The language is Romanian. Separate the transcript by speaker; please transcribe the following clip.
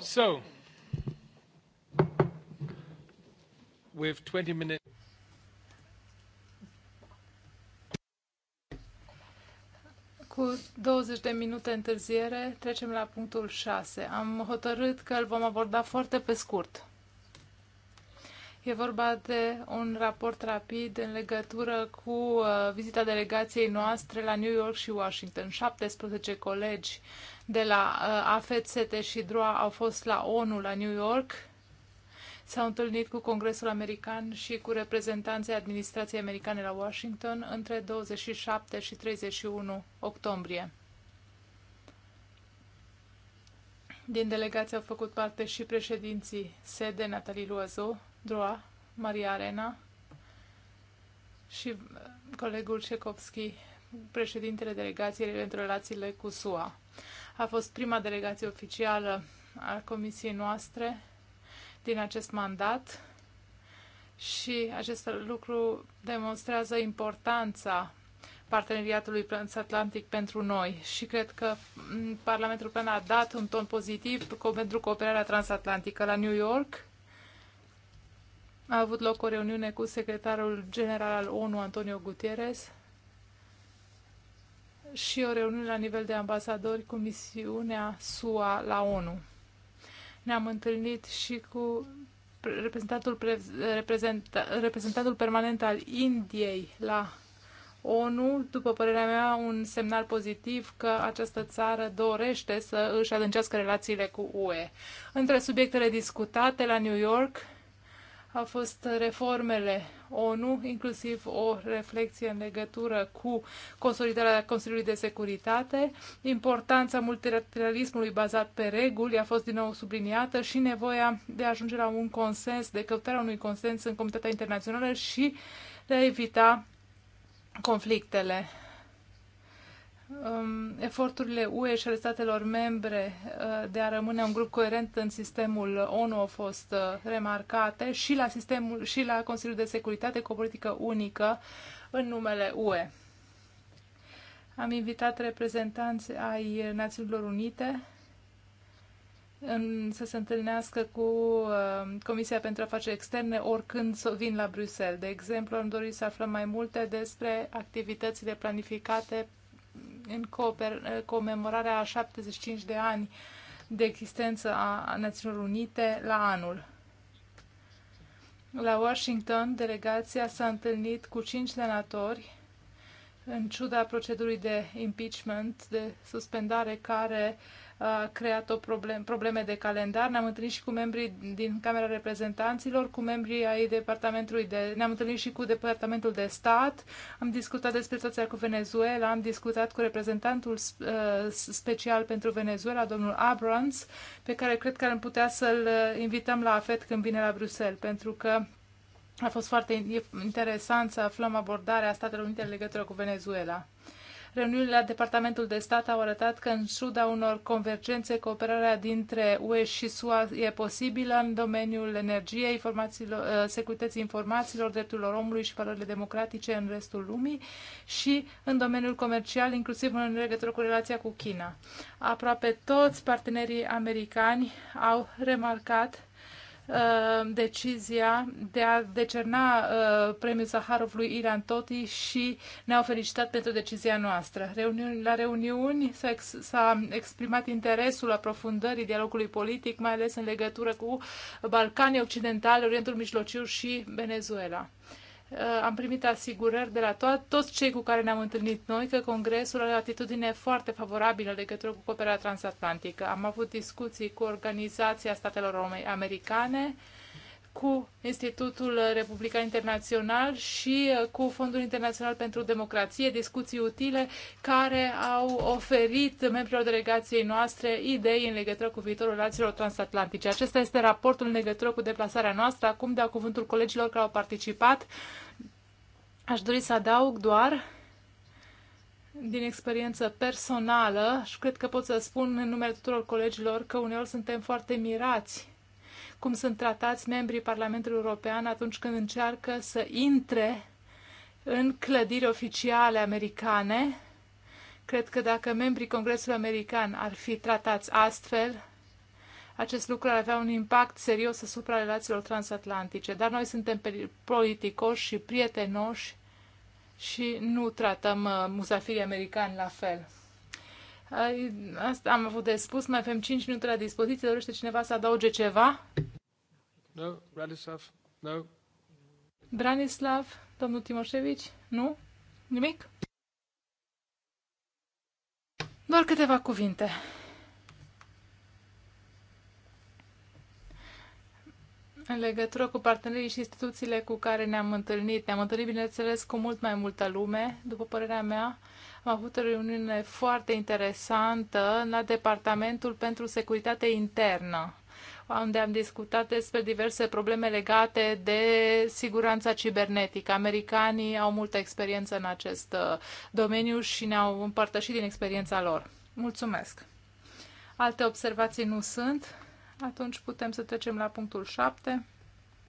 Speaker 1: So, with 20 minutes. Cu 20 de minute întârziere trecem la punctul 6. Am hotărât că îl vom aborda foarte pe scurt. E vorba de un raport rapid în legătură cu uh, vizita delegației noastre la New York și Washington. 17 colegi de la uh, AFET, SETE și DROA au fost la ONU la New York. S-au întâlnit cu Congresul American și cu reprezentanții administrației americane la Washington între 27 și 31 octombrie. Din delegație au făcut parte și președinții sede Natalie Loazo, Droa, Maria Arena și uh, colegul Cecovski, președintele delegației pentru relațiile cu SUA. A fost prima delegație oficială a comisiei noastre din acest mandat și acest lucru demonstrează importanța parteneriatului transatlantic pentru noi și cred că Parlamentul European a dat un ton pozitiv pentru cooperarea transatlantică la New York. A avut loc o reuniune cu secretarul general al ONU, Antonio Gutierrez, și o reuniune la nivel de ambasadori cu misiunea SUA la ONU. Ne-am întâlnit și cu reprezentantul, reprezentantul permanent al Indiei la ONU, după părerea mea, un semnal pozitiv că această țară dorește să își adâncească relațiile cu UE. Între subiectele discutate la New York au fost reformele ONU, inclusiv o reflexie în legătură cu consolidarea Consiliului de Securitate. Importanța multilateralismului bazat pe reguli a fost din nou subliniată și nevoia de a ajunge la un consens, de căutarea unui consens în comunitatea internațională și de a evita conflictele. Um, eforturile UE și ale statelor membre uh, de a rămâne un grup coerent în sistemul ONU au fost uh, remarcate și la, sistemul, și la Consiliul de Securitate cu o politică unică în numele UE. Am invitat reprezentanți ai Națiunilor Unite în, să se întâlnească cu uh, Comisia pentru Afaceri Externe oricând vin la Bruxelles. De exemplu, am dorit să aflăm mai multe despre activitățile planificate în cooper, uh, comemorarea a 75 de ani de existență a Națiunilor Unite la anul. La Washington, delegația s-a întâlnit cu cinci senatori, în ciuda procedurii de impeachment, de suspendare care uh, creat o problem, probleme de calendar. Ne-am întâlnit și cu membrii din Camera Reprezentanților, cu membrii ai departamentului de... Ne-am întâlnit și cu departamentul de stat, am discutat despre situația cu Venezuela, am discutat cu reprezentantul special pentru Venezuela, domnul Abrams, pe care cred că am putea să-l invităm la AFET când vine la Bruxelles, pentru că a fost foarte interesant să aflăm abordarea Statelor Unite în legătură cu Venezuela. Reuniunile la Departamentul de Stat au arătat că în suda unor convergențe, cooperarea dintre UE și SUA e posibilă în domeniul energiei, informațiilor, uh, securității informațiilor, drepturilor omului și valorile democratice în restul lumii și în domeniul comercial, inclusiv în legătură cu relația cu China. Aproape toți partenerii americani au remarcat Uh, decizia de a decerna uh, premiul Zaharov lui Ilan Toti și ne-au felicitat pentru decizia noastră. la reuniuni s-a, ex, exprimat interesul aprofundării dialogului politic, mai ales în legătură cu Balcanii Occidentale, Orientul Mijlociu și Venezuela. Uh, am primit asigurări de la to- toți cei cu care ne-am întâlnit noi că Congresul are o atitudine foarte favorabilă legătură cu cooperarea transatlantică. Am avut discuții cu Organizația Statelor Americane, uh, cu Institutul Republican Internațional și uh, cu Fondul Internațional pentru Democrație, discuții utile care au oferit membrilor delegației noastre idei în legătură cu viitorul relațiilor transatlantice. Acesta este raportul în legătură cu deplasarea noastră. Acum dau cuvântul colegilor care au participat. Aș dori să adaug doar din experiență personală și cred că pot să spun în numele tuturor colegilor că uneori suntem foarte mirați cum sunt tratați membrii Parlamentului European atunci când încearcă să intre în clădiri oficiale americane. Cred că dacă membrii Congresului American ar fi tratați astfel, acest lucru ar avea un impact serios asupra relațiilor transatlantice. Dar noi suntem politicoși și prietenoși și nu tratăm uh, muzafirii americani la fel. Asta am avut de spus, mai avem 5 minute la dispoziție. Dorește cineva să adauge ceva? No, Branislav, no. Branislav, domnul Timoșevici, nu? Nimic? Doar câteva cuvinte. în legătură cu partenerii și instituțiile cu care ne-am întâlnit. Ne-am întâlnit, bineînțeles, cu mult mai multă lume, după părerea mea. Am avut o reuniune foarte interesantă la Departamentul pentru Securitate Internă, unde am discutat despre diverse probleme legate de siguranța cibernetică. Americanii au multă experiență în acest uh, domeniu și ne-au împărtășit din experiența lor. Mulțumesc! Alte observații nu sunt. Atunci putem să trecem la punctul 7.